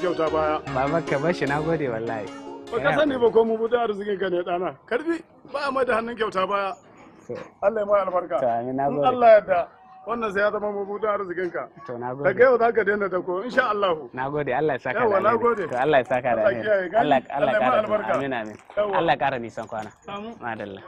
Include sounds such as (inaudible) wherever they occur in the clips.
kyauta baya Ba maka bar shi nagode wallahi ba ka sani ba ko mu bude arzikin ka ne dana karbi ba mu da hannun kyauta baya Allah ya mai albarka to amin nagode Allah ya da. wannan sai ya zama mu mabudin arzikin ka to nagode daga yau zaka daina da ko insha Allah nagode Allah ya saka da alheri to Allah ya saka da alheri Allah Allah ya kara amin amin Allah ya kara ni san kwana Amin. madalla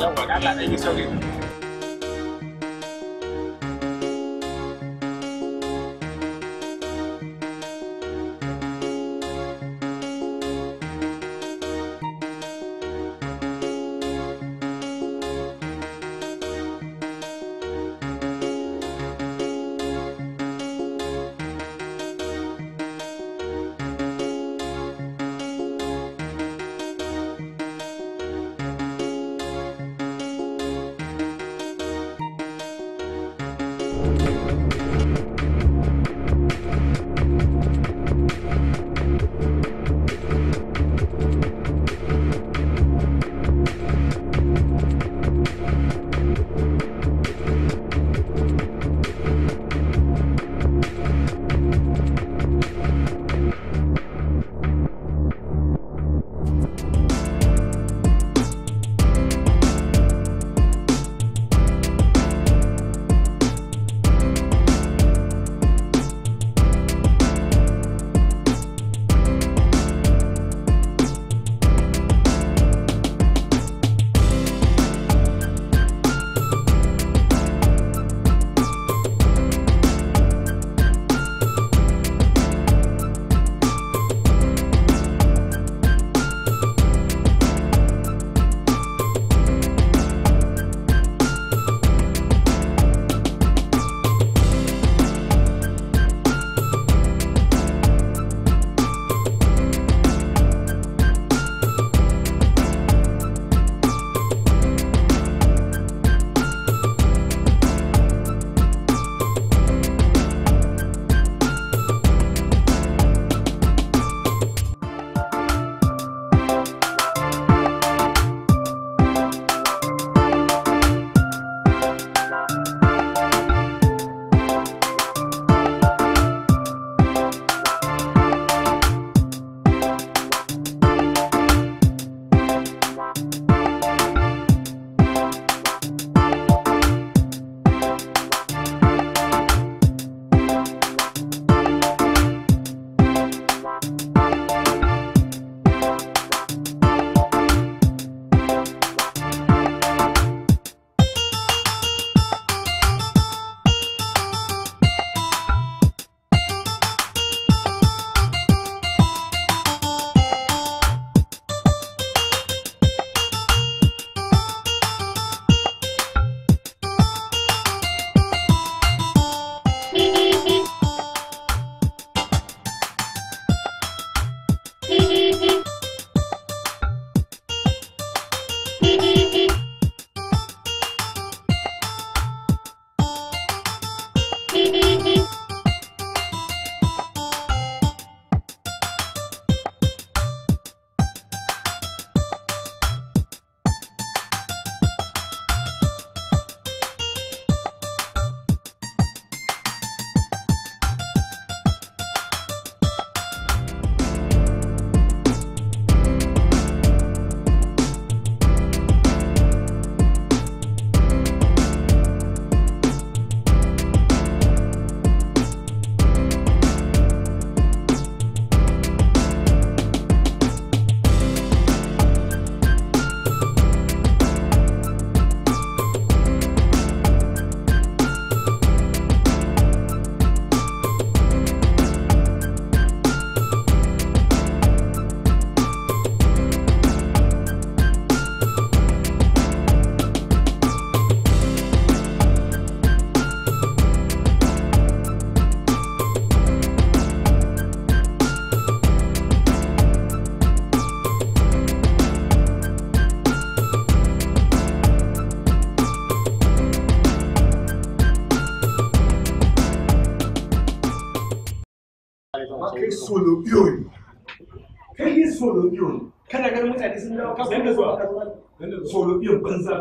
yawa da Allah ɗan yi sauri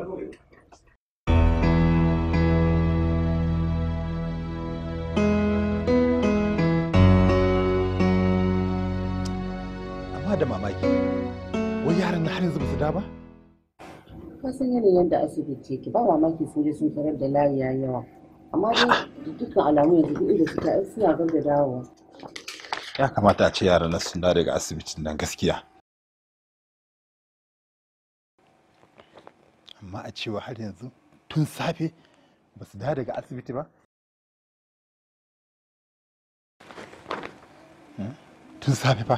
Amma da mamaki, wai yaran na har yanzu ba su da ba? Ka san yanayin da asibiti ki ba mamaki sun je sun tarar da layi ya yawa. Amma dai dukkan alamu yanzu duk inda suka suna gab da Ya kamata a ce yaran nan sun daga asibitin nan gaskiya. amma a cewa har yanzu tun safe ba su dawo daga asibiti ba hmm? tun safe fa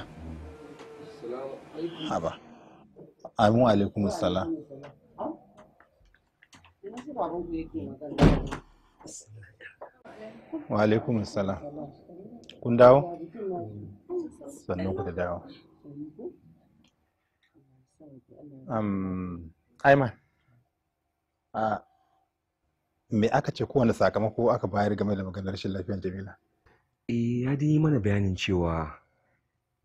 haba Wa alaikum salam wa alaikum salam kun dawo sannan ku da dawo um, a me aka ce kowane sakamako aka bayar game da maganar rashin lafiyar jamila eh ya dai yi mana bayanin cewa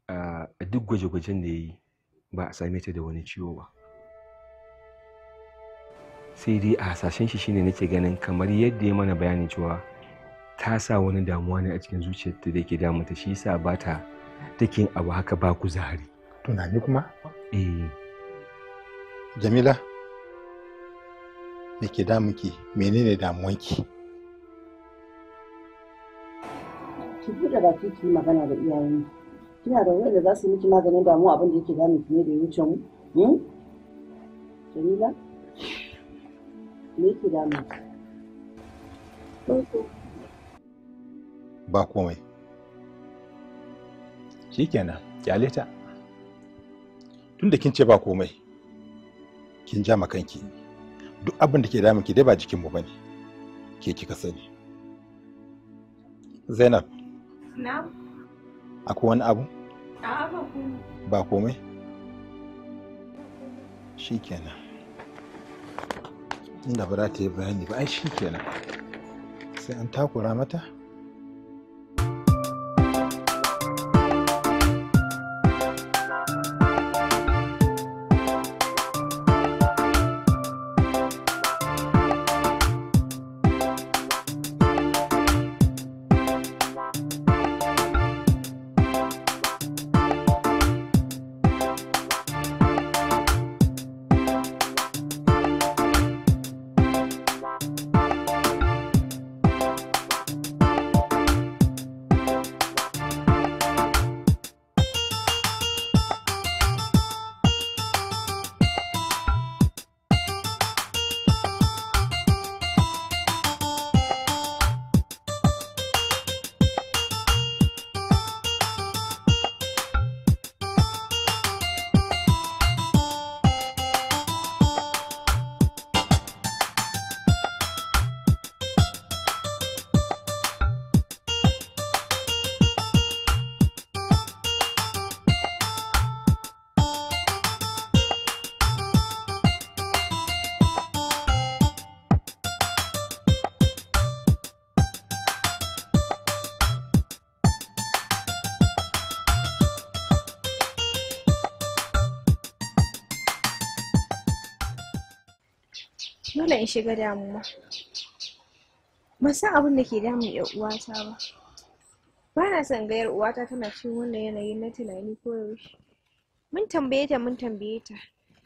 a duk gwaje-gwajen da ya yi ba a same ta da wani ciwo ba sai dai a hasashen shi shine nake ganin kamar yadda ya mana bayanin cewa ta sa wani damuwa ne a cikin zuciyarta da ke damuta shi sa ba ta take abu haka ba kuzari tunani kuma eh jamila me ke damunki menene damuwanki ki buɗe baki ki yi magana da iyayen kina da wanda za su miki maganin damu abin da yake damu fiye da ya mu hmm jamila me ke damu ba komai shikenan kyale tun da kin ce ba komai kin ja kanki duk abin da ke damun ki dai ba jikinmu ba ne ke kika sani zainab akwai wani abu ba komai shi kenan inda ba za ta yi bayani ba ai shi kenan sai an takura mata in shiga damuwa ban san abin da ke damun ya uwata ba ba na son ga uwata tana cikin wannan yanayin na tunani ko yaushe mun tambaye ta mun tambaye ta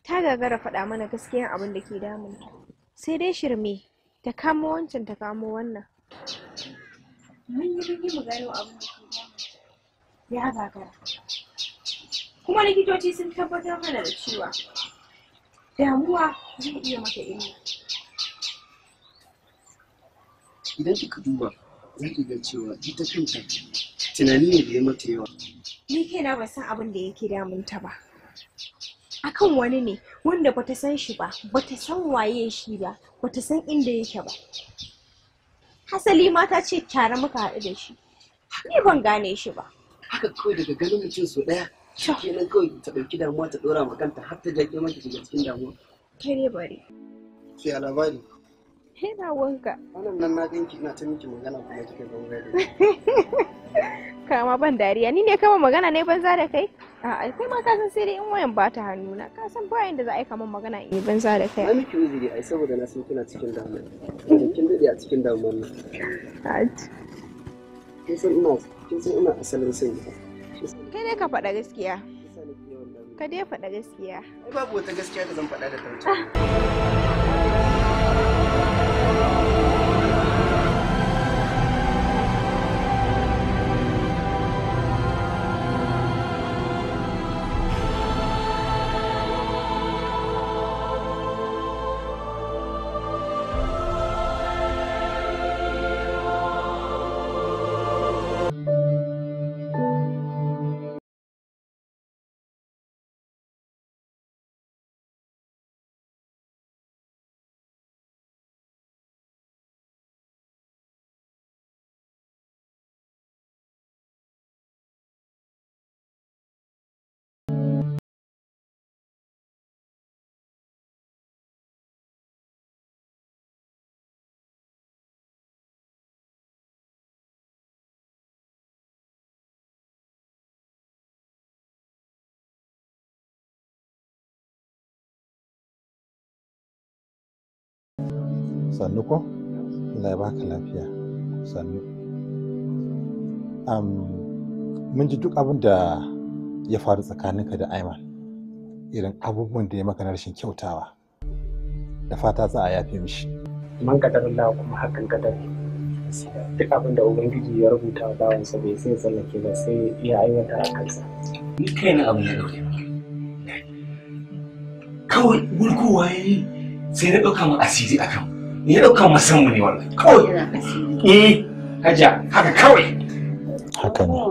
ta gagara faɗa mana gaskiyan abin da ke damun ta sai dai shirme ta kamo wancan ta kamo wannan mun yi rigi mu gano abin da ke damun ya gagara kuma likitoci sun tabbatar mana da cewa damuwa zai iya maka illa idan kika duba za ki ga cewa ita kanta tunani ne da ya mata yawa ni na ban san abin da yake damun ta ba akan wani ne wanda bata san shi ba bata san waye shi ba bata san inda yake ba hasali ta ce tare muka haɗu da shi ni ban gane shi ba haka kawai daga ganin mutum so ɗaya kenan kawai ta ɗauki damuwa ta ɗora ma kanta har ta jaƙe mata daga cikin damuwa kare bari. sai labari Yana wanka. Wannan nan na ganki ina ta miki magana kuma kike ga wuri. Kama ban dariya ni ne kama magana ne banza da kai? A'a kai ma ka san sai dai in wayan ba ta hannu na ka san ba yanda za a yi kaman magana in banza da kai. Na miki uzuri ai saboda na san kina cikin damuwa. Kin dade a cikin damuwa nan. Kin san ina kin san ina asalin sai. Kai dai ka faɗa gaskiya. Ka dai faɗa gaskiya. Babu wata gaskiya da zan faɗa da ta (laughs) sannu ko Allah ya baka lafiya sannu mun ji duk abin da ya faru tsakaninka da Aiman irin abubuwan da ya maka na rashin kyautawa da fata za a yafe mishi man Allah kuma hakan kadar duk abin da ubangiji ya rubuta wa sa bai sai tsallake ba sai ya aiwata a kansa ni kai na da ya dauke kawai gurguwa yi sai na ɗauka ma asiri akan ni daukan masanmu ne wannan kawai eh haka kawai haka ne oh,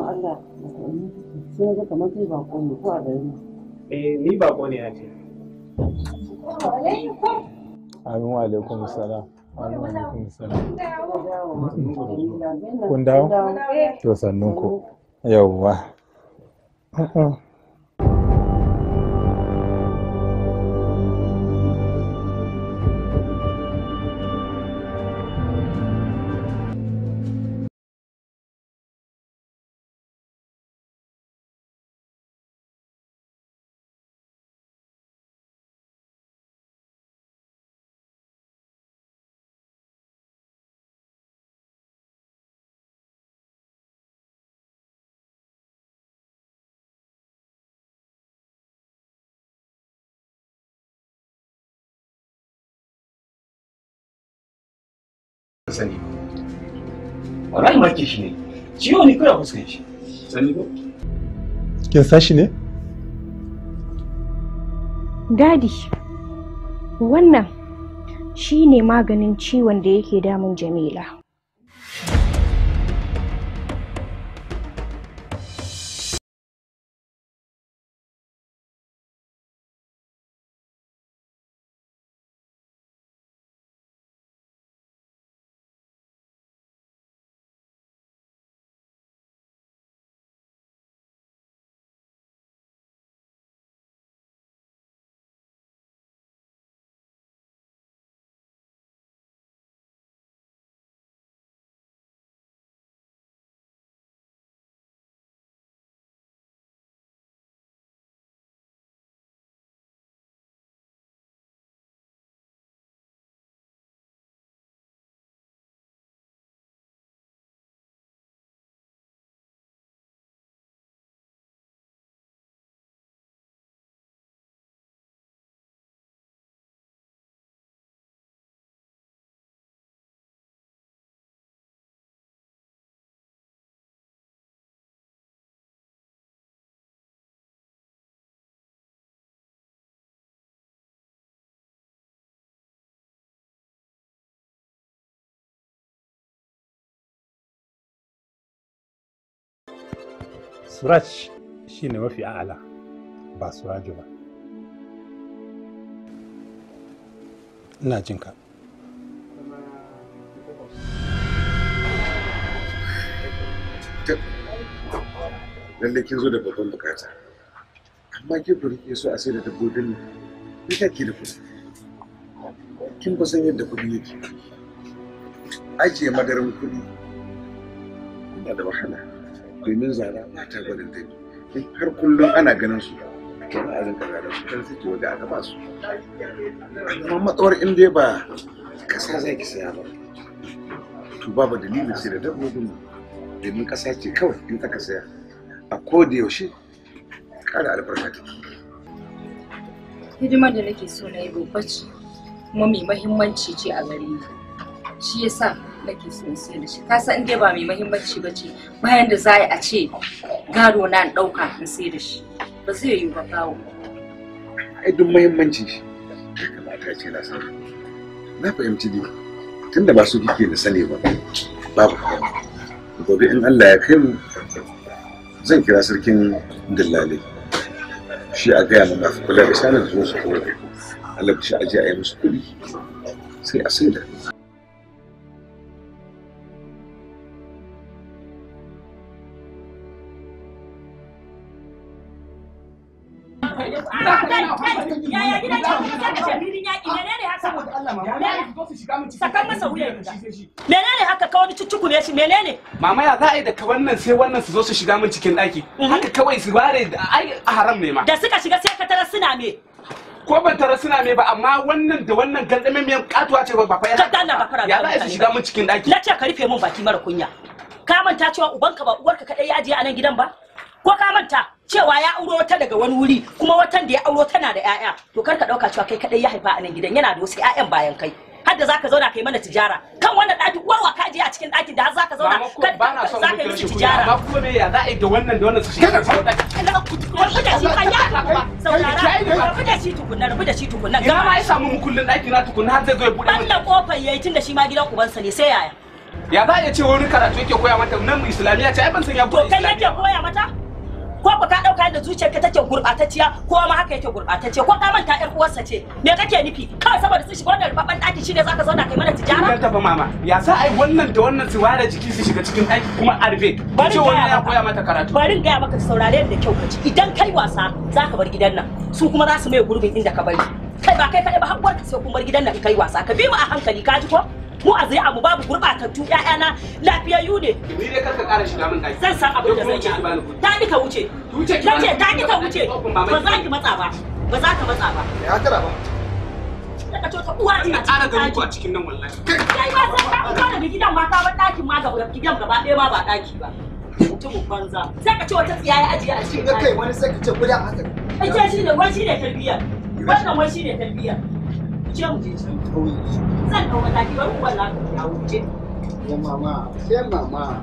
sun ga ko eh, ni ne ce wa alaikum salam. wa alaikum Kun dawo? To sannun ku. Yawwa. sani wallahi ma ke shi ne ciwo ne kawai a fuskan shi sani ko kin san shi ne dadi wannan shi ne maganin ciwon da yake damun jamila suraj ne mafi a'ala ba suraju ba ina ka. lallai kin zo da babban bukata amma kin ku rike so a sai da dabbobin ne me da kuɗi kin ba san yadda kuɗi yake ajiye madarin kuɗi yana da wahala domin zara ba ta gwanin ta har kullum ana ganin su to ba a rinka da su kan suke waje aka ba su amma matsawar in dai ba kasa zai ki saya ba to babu dalilin sai da dabbobin domin kasa ce kawai in aka saya a koda yaushe kada albarka take hidimar da nake so na yi babba ce kuma mai mahimmanci ce a gare ni shi yasa nake so in sayar da shi ka san dai ba mai muhimmanci ba ce bayan da za a ce gado na an ɗauka in sayar da shi ba zai yi ba kawo ai duk muhimmanci shi ya kamata ce na san na fahimci dai tunda ba su kike da sani ba babu gobe in Allah ya kai mu zan kira sarkin Dallale. shi a gaya mu mafi kula da sanar da zuwa su kawai Allah shi aje a yi musu kuɗi sai a sai da fasa wuyan riga menene haka ka wani cuccuku ne shi menene mama ya za a yi da ka wannan sai wannan su zo su shiga min cikin daki. Mhm. haka kawai su bare ai haram ne ma da suka shiga sai ka tarar suna me ko ban tarar suna me ba amma wannan da wannan gandame mai katuwa ce ba fa ya ya za a yi su shiga min cikin daki. na ce ka rufe min baki mara kunya ka manta cewa ubanka ba uwarka kadai ya ajiye a nan gidan ba ko ka manta cewa ya auro wata daga wani wuri kuma watan da ya auro tana da 'ya'ya to kar ka dauka cewa kai kadai ya haifa a nan gidan yana da wasu 'ya'yan bayan kai Hadda za ka zauna kai mana tijara kan wannan daki uwar wa kaje a cikin dakin da za ka zauna kan zaka yi miki tijara amma kuma me ya za a yi da wannan da wannan su shiga cikin daki rubu da shi kan ya kuma saurara rubu da shi tukunna rubu da shi tukunna ga ma ya samu mu kullun daki na tukunna har zai zo ya bude wannan kofar yayi tunda shi ma gidan ubansa ne sai yaya ya za a iya ce wani karatu yake koya mata nan islamiyya ce ai ban san ya koya to kai yake koya mata ko ba ka dauka da zuciyarka take gurbatacciya ko ma haka yake gurbatacce ko ka manta yar uwarsa ce me kake nufi kawai saboda su shiga wannan rubaban daki shine zaka zauna kai mana tijara ka tafi mama ya sa ai wannan da wannan su ware jiki su shiga cikin aiki kuma arbe ce wannan ya koya mata karatu bari ga maka saurare da kyau ka ci idan kai wasa zaka bar gidan nan su kuma za su mai gurbin inda ka bari kai ba kai kaɗai ba har ka sai kun bar gidan nan kai wasa ka bi mu a hankali ka ji ko Mu a zai abu babu gurbatattu ƴaƴana lafiyayyu ne ni dai karka ƙara shiga min daki zan san abin da zan yi ta ni ka wuce ta ce ta ni ka wuce ba za ki matsa ba ba za ka matsa ba ya tara ba daga to ta uwa ina ƙara ganin ku a cikin nan wallahi kai ba san ka fita daga gidan ma ka bar ɗakin ma gaba gidan gaba ɗaya ma ba ɗaki ba mutumin banza sai ka ce wata tsiya ya ajiye a cikin kai wani sai ka ce gudan haka ai ta shi ne wani shi ne tarbiyya wannan wani shi ne tarbiyya je mu je can zan ɗau mataki ya wuce ya mama mama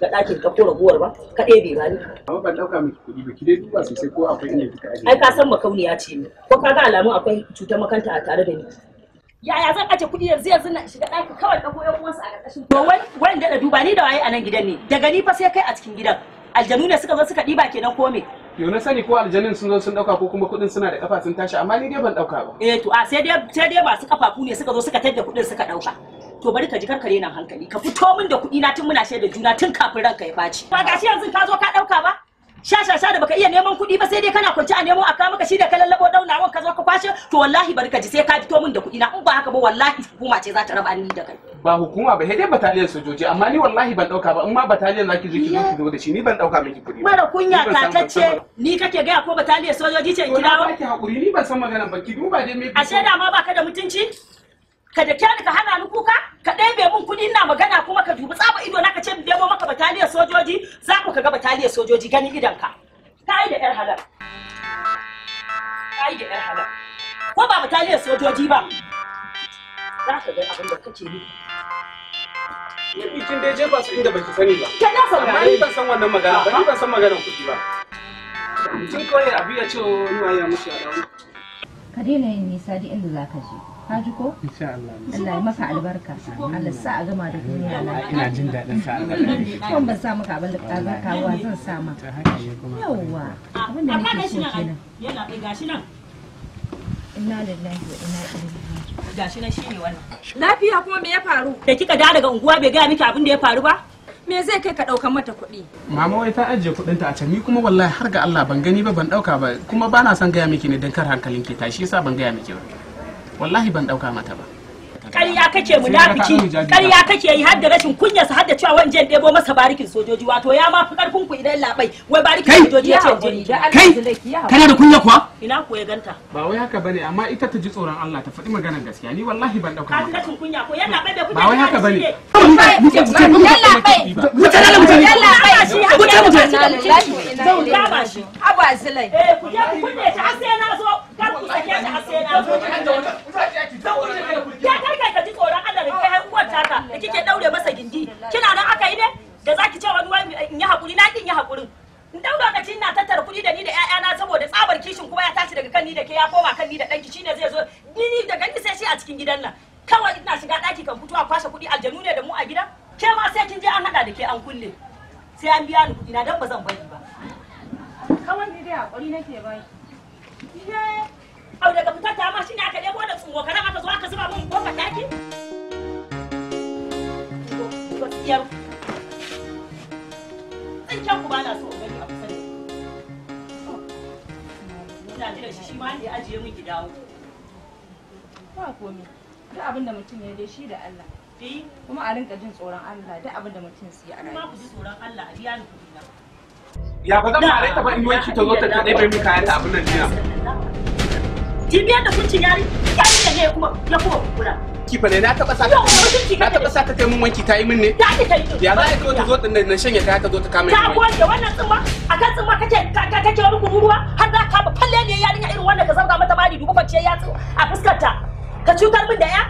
shiga ɗakin ka ko raguwar ba ka ɗebe ba ni. Amma ban ɗauka miki kuɗi ba ki dai duba sosai ko akwai inda kika ajiye. Ai ka san ya ce ni ko ka ga alamun akwai cutar makanta a tare da ni. Yaya zan ajiye kuɗi yanzu yanzu na shiga ɗakin kawai ɗago ƴan uwansa a ƙarƙashin. To wani daɗa duba ni da waye a nan gidan ne daga ni fa sai kai a cikin gidan. Aljanu ne suka zo suka ɗiba kenan ko me? Yo na sani ko aljanin sun zo sun ɗauka ko kuma kuɗin suna da ƙafa sun tashi amma ni dai ban ɗauka ba. Eh to a sai dai sai dai masu kafafu ne suka zo suka tadda kudin suka dauka. to bari ka ji karkare nan hankali ka fito min da kuɗi na tun muna shaida juna tun kafin ranka ya baci ba gashi yanzu ka zo ka ɗauka ba sha sha sha da baka iya neman kuɗi ba sai dai kana kwance a nemo a kawo maka shi da ka lallabo daunawan ka zo ka kwashe to wallahi bari ka ji sai ka fito min da kuɗi na in ba haka ba wallahi hukuma ce za ta raba ni da kai ba hukuma ba sai dai bataliyar sojoji amma ni wallahi ban dauka ba in ma bataliyar zaki zo ki zo ki zo da shi ni ban dauka miki kuɗi mara kunya tatacce ni kake gaya ko bataliyar sojoji ce ki hakuri ni ban san magana ba ki duba dai me ashe da ma baka da mutunci ka da kyani ka hana ni kuka ka ɗebe mun kuɗi ina magana kuma ka dubi tsaba ido na ka ce debo maka bataliyar sojoji za ku ka ga bataliyar sojoji gani idan ka yi da yar halal ka yi da yar halal ko ba bataliyar sojoji ba za ka ga abin da kake yi Kin dai jefa su inda baki sani ba. Ke na saurare. Ni ban san wannan magana ba, ni ban san maganar kuɗi ba. Kin kawai abu ya ce wani waye mushi a dawo. Ka daina yin nisa duk inda za ka je. ka ko insha Allah Allah ya maka albarka Allah sa a gama da duniya na ina jin daɗin sa Allah kan ban sa maka abin da ka ga kawo zan sa ma yawa ah, abin da nake so kenan yana kai gashi nan inna lillahi wa inna ilaihi gashi nan shine wannan lafiya kuma me ya faru da kika da daga unguwa bai ga miki abin da ya faru ba me zai kai ka ɗaukan mata kuɗi. Mama wai ta ajiye kuɗinta a can ni kuma wallahi har ga Allah ban gani ba ban ɗauka ba kuma bana son gaya miki ne don kar hankalinki ke shi yasa ban gaya miki ba. wallahi ban dauka mata ba ƙarya kake munafiki ƙarya kake yi har da rashin kunya su har da cewa wani ɗebo masa barikin sojoji wato ya mafi karfin ƙarfin ku idan labai wai barikin sojoji ya ce jini kai kana da kunya kuwa ina ku ya ganta ba wai haka bane amma ita ta ji tsoron Allah ta faɗi maganar gaskiya ni wallahi ban dauka ka rashin kunya ko yana bai da kunya ba wai haka bane yalla bai mutane mutane yalla bai mutane mutane zan ba shi abazilai eh ku je ku har sai na zo kar ku sake ta a sai na zo ya kai kai ka ji tsoron Allah da kai uwar taka da kike daure masa gindi kina nan aka yi ne da zaki ce wani wani in yi hakuri na kin yi hakurin in daura ka na tattara kuɗi da ni da na saboda tsabar kishin kuma ya tashi daga kan ni da ke ya koma kan ni da ɗanki shine zai zo ni da ganki sai shi a cikin gidan nan kawai ina shiga ɗaki kan fito a kwashe kuɗi aljanu ne da mu a gida ke ma sai kin je an haɗa da ke an kulle sai an biya ni kuɗi na dan ba zan bari ba kawai dai hakuri nake Au daga fitar ta ma shine aka debo da tsungo karam aka zo aka zuba mun kofar daki. Gaskiyar tsinken ku bana so gani a kusa Ina shi shi ma ya ajiye min Ba komai. Duk abin da mutum ya shi da Allah. Eh? Kuma a rinka jin tsoron Allah duk abin da mutum su yi a rayuwa. Kuma ku ji tsoron Allah a biya ni kuɗi na. Ya ba ta ba in wanki ta zo ta kaɗai bai kayan ta abin nan jiya. jibiyar da kuncin yari yi da ne kuma ya kuma kula kifa ne na taɓa saka ta taba saka mun wanki ta yi min ne ta ki kai ya za ka ta zo ta nan shanye ta ka zo ta kama ta goge wannan tsumma a kan tsumma kake kake wani kururuwa har za ka ba falle ne yarinya irin wanda ka zauka mata mari dubu kwanciyar yatsu a fuskar ta ka cutar min da ya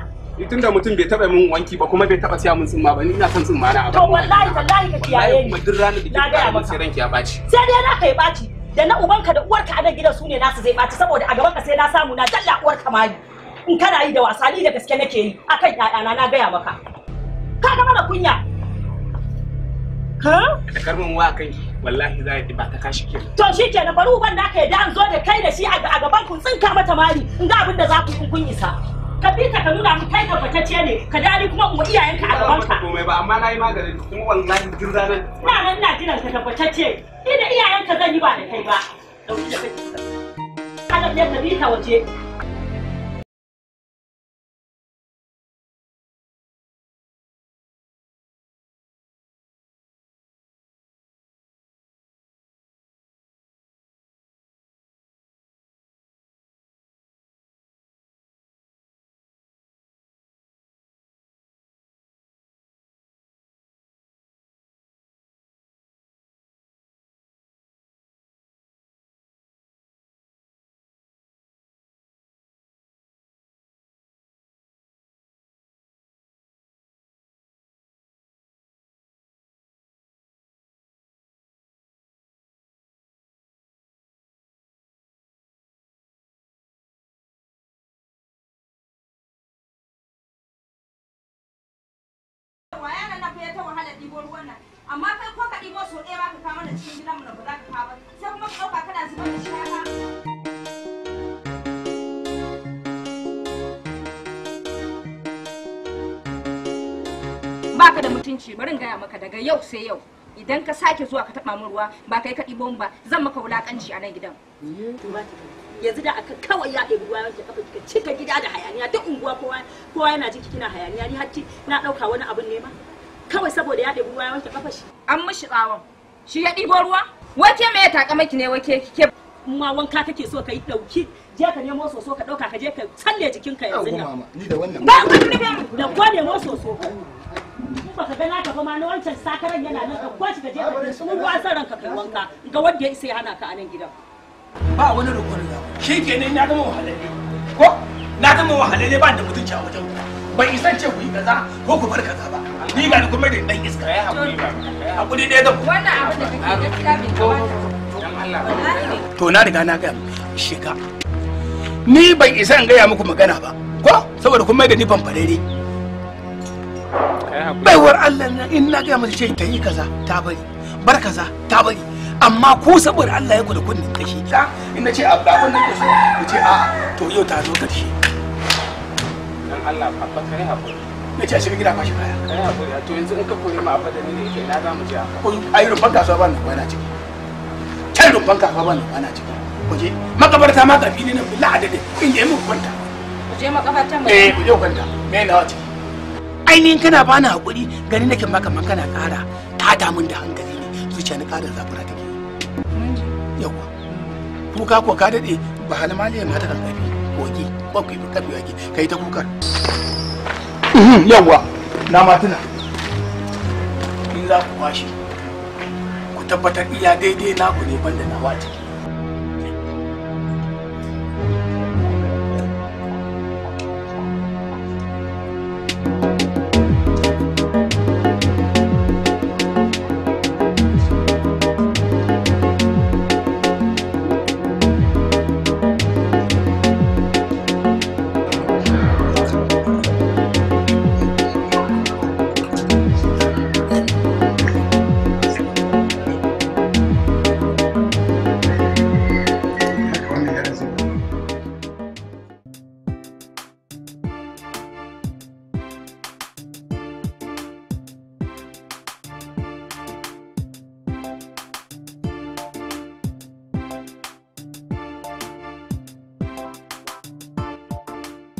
tun da mutum bai taba min wanki ba kuma bai taɓa siya min tsumma ba ni ina son tsumma na abu to wallahi wallahi ka kiyaye ni kuma duk ranar da kika ba sai ranki ya baci sai dai na kai baci da na ubanka da uwarka a nan gidan su ne nasu zai ɓaci saboda a gaban ka sai na samu na dalla uwarka mali in kana yi da wasa ni da gaske nake yi akan ƴaƴana na gaya maka ka ga mana kunya ha da karmin wa kan wallahi za yi ba ta kashi ke to bari uban naka ya da an zo da kai da shi a gaban ku tsinka mata mari, in ga abin da za ku kun isa ka bi ta ka nuna mu kai tabbatacce ne ka dali kuma mu iyayenka a gaban ka komai ba amma nayi maganin kuma wallahi duk ranar na nan ina jiran ka tabbatacce ni da iyayenka zan yi ba da kai ba dauki da kai Allah ya ka bi ta waje ɗibo ruwan nan amma kai ko ka ɗibo so ɗaya ba ka kawo mana cikin gidanmu na ba za ka kawo ba sai kuma ka ɗauka kana zubar da shi haka baka da mutunci barin gaya maka daga yau sai yau idan ka sake zuwa ka taba ruwa ba kai ka ɗibo ba zan maka wulakanci a nan gidan yanzu da aka kawai ya ɗebi ruwa ya kafa kika cika gida da hayaniya duk unguwa kowa yana jiki kina hayaniya ni har na ɗauka wani abun nema. kawai saboda ya ɗebi ruwa ya wanke kafar shi an mishi tsawon shi ya ɗibo ruwa wake me ya taka maki ne wake kike ma wanka kake so ka yi ɗauki je ka nemo soso ka ɗauka ka je ka tsalle jikinka yanzu Ba ni da wannan ba ku ne da ko nemo soso in baka ga naka ba ma na wancan sakaran yana nan ka kwashi ka je ka mun ruwa san ranka kai wanka ga wanda ya isa ya hana ka a nan gidan ba wani rukun da shi kenan na gama wahalalle ko na gama wahalalle ba da mutunci a wajen ban isa ce ku yi kaza ko ku bar kaza ba ni ba da kuma da dan iska ya hakuri ba hakuri ne da wannan abu da kake gaskiya bai kawai to na riga na gaya shiga ni ban isa in gaya muku magana ba ko saboda kun mai da ni ban farere baiwar Allah na in na gaya mata ce ta yi kaza ta bari bar kaza ta bari amma ku saboda Allah ya gudu kunnin kashi in na ce abu da abin da ku so ku ce a'a to yau ta zo karshe dan Allah babba kai hakuri na ce a shiga gida kwashi kaya kai hakuri to yanzu in ka kore ma abada ne da yake na za mu je a ko ai rumfan kasuwa ba ni kuma na ciki can rumfan kasuwa ba ni kuma na ciki kuje makabarta ma kafi ne na bila adade in je mun kwanta kuje makabarta ma eh kuje kwanta me na wace ainihin kana bani hakuri gani nake maka man kana kara tada min da hankali ne zuciya ni kara zafura take yawa kuka ko ka dade ba halmaliya mata kan kafi k'i ba ku yi kafi wake kai ta kukar Mhm, yawwa na matuna in za ku bashi ku tabbatar iya daidai naku ne banda na wata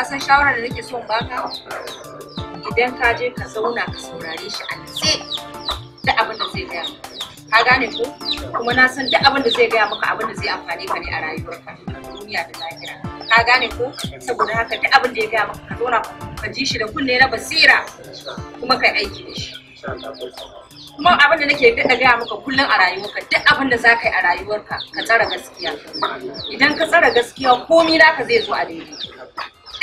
ka san shawarar da nake son baka idan ka je ka zauna ka saurare shi a natse da abin da zai gaya ka gane ko kuma na san duk abin da zai gaya maka abin da zai amfane ka ne a rayuwarka duniya da lahira ka gane ko saboda haka duk abin da ya gaya maka ka zauna ka ji shi da kunne na basira kuma kai aiki da shi kuma abin da nake daɗa gaya maka kullum a rayuwarka duk abin da za ka yi a rayuwarka ka tsara gaskiya idan ka tsara gaskiya komi naka zai zo a daidai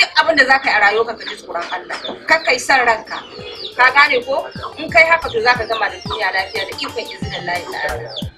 duk abin da zaka yi a rayuwa ka ji tsoron Allah kar yi san ranka ka gane ko in kai haka to zaka gama da duniya lafiya da ikon izinin Allah ta'ala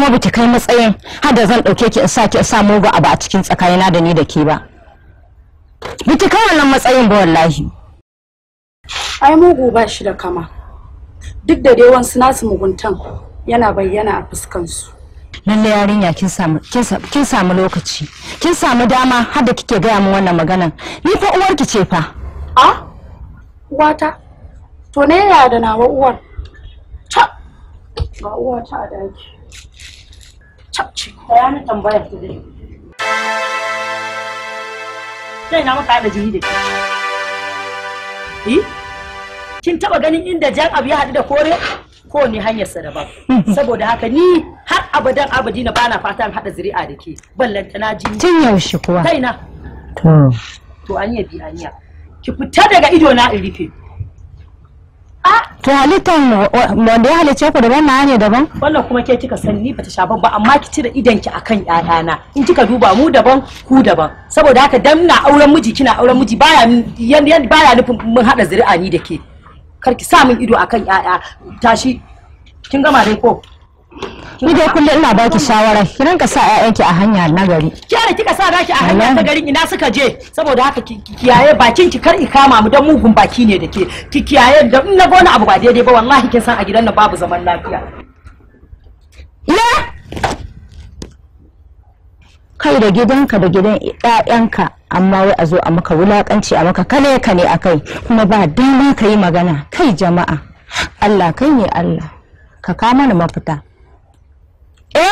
kuma baki kai matsayin har da zan ɗauke ki in saki ki in sa mugu abu a cikin tsakanina da ni da ke ba biki kai wannan matsayin ba wallahi ai mugu ba shi da kama duk da dai suna nasu muguntan yana bayyana a nan lalle yarinya kin samu kin samu lokaci kin samu dama har da kike gaya min wannan maganan ni fa ki ce fa a uwata to ne ya da nawa uwar ta Ba uwata a daki Kin taba ganin inda jan abu ya haɗu da kore? kowane hanyarsa daban (laughs) saboda haka ni har abadan abadi na bana fatan haɗa zuri'a da ke ballanta na jini tun yaushe kuwa kaina to anya bi anya ki fita daga ido na in rufe to halittar wanda ya halicce ku daban na ne daban wannan kuma ke kika san ni bata sha ba amma ki cire idan ki akan ƴaƴana in kika duba mu daban ku daban saboda haka dan na auren miji kina auren miji baya baya nufin mun hada zuri'a ni da ke kar ki sa min ido akan 'ya'ya. tashi kin gama dai ko ni dai kullum ina baki shawara ki rinka sa ƴaƴanki a hanya na gari kyara kika sa gashi a hanya ta garin ina suka je saboda haka ki kiyaye bakin ki kar ikama mu dan mugun baki ne da ke ki kiyaye da in na gona abu ba daidai ba wallahi kin san a gidan nan babu zaman lafiya ina kai da gidanka da gidan ƴaƴanka amma wai a zo a maka wulakanci a maka kale-kale kane akai kuma ba dan ka yi magana kai jama'a Allah kai ne Allah ka kama mana mafita eh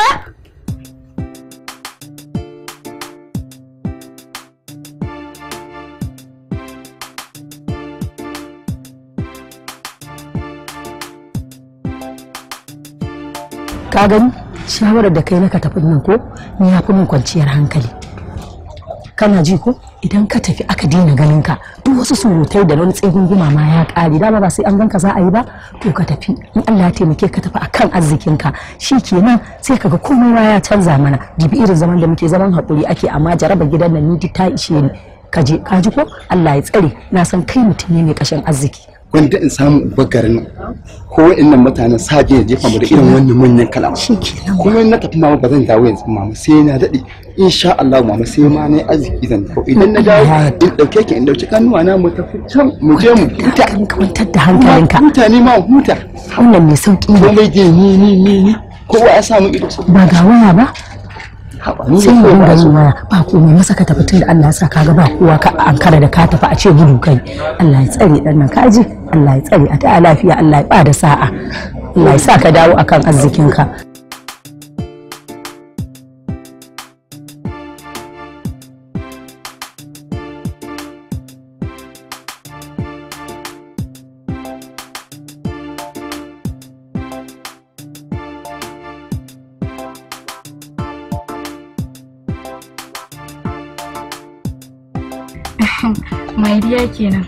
ka gani shawarar da kai na tafi nan ko ni ya fi kwanciyar hankali kana ji ko idan ka tafi aka daina ganin ka duk wasu surutai da wani tsegunguma ma ya kare dama ba sai an ganka za a yi ba to ka tafi in Allah ya taimake ka tafi akan arzikin ka kenan sai kaga komai ma ya canza mana jibi irin zaman da muke zaman hakuri ake amma jaraba gidan nan ni ta ishe ni ka je ka ji ko Allah ya tsare na san kai mutum ne mai kashin arziki gwanda in samu uba garin ko wa'annan mutanen sage ya jefa mu da irin wannan manyan kalama kuma na tafi mama ba zan dawo yanzu mama sai na daɗe insha Allah mama sai ma na yi arziki zan dawo idan na dawo in ɗauke ki in ɗauki kanuwa na mu tafi can mu je mu huta kwantar da hankalinka huta ne ma huta wannan mai sauki ne komai je ni ni ni kowa ya samu ido ba ga waya ba sai mu dinga yin ba komai masa ka tafi tunda Allah ya sa ga ba kowa ka ankara da ka tafi a ce gudu kai Allah ya tsare dan nan kaji Allah ya tsare a ta lafiya Allah ya ba da sa'a Allah ya sa ka dawo akan arzikinka kenan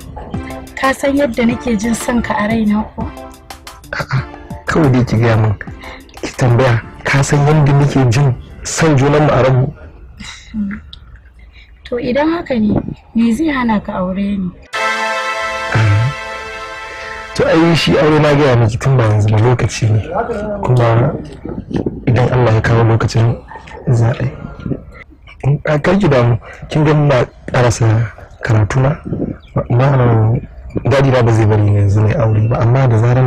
ka san yadda nake jin son ka a raina ko a'a kawai dai ki gaya min ki tambaya ka san yadda nake jin son junan mu a rabu hmm. to idan haka ne me zai hana ka aure ni to ai shi aure na gaya miki tun ba yanzu ba lokaci ne kuma idan Allah ya kawo lokacin za a yi a kai ki damu kin ga na karasa karatuna malam a ba zai bari yanzu ne aure ba amma da zarar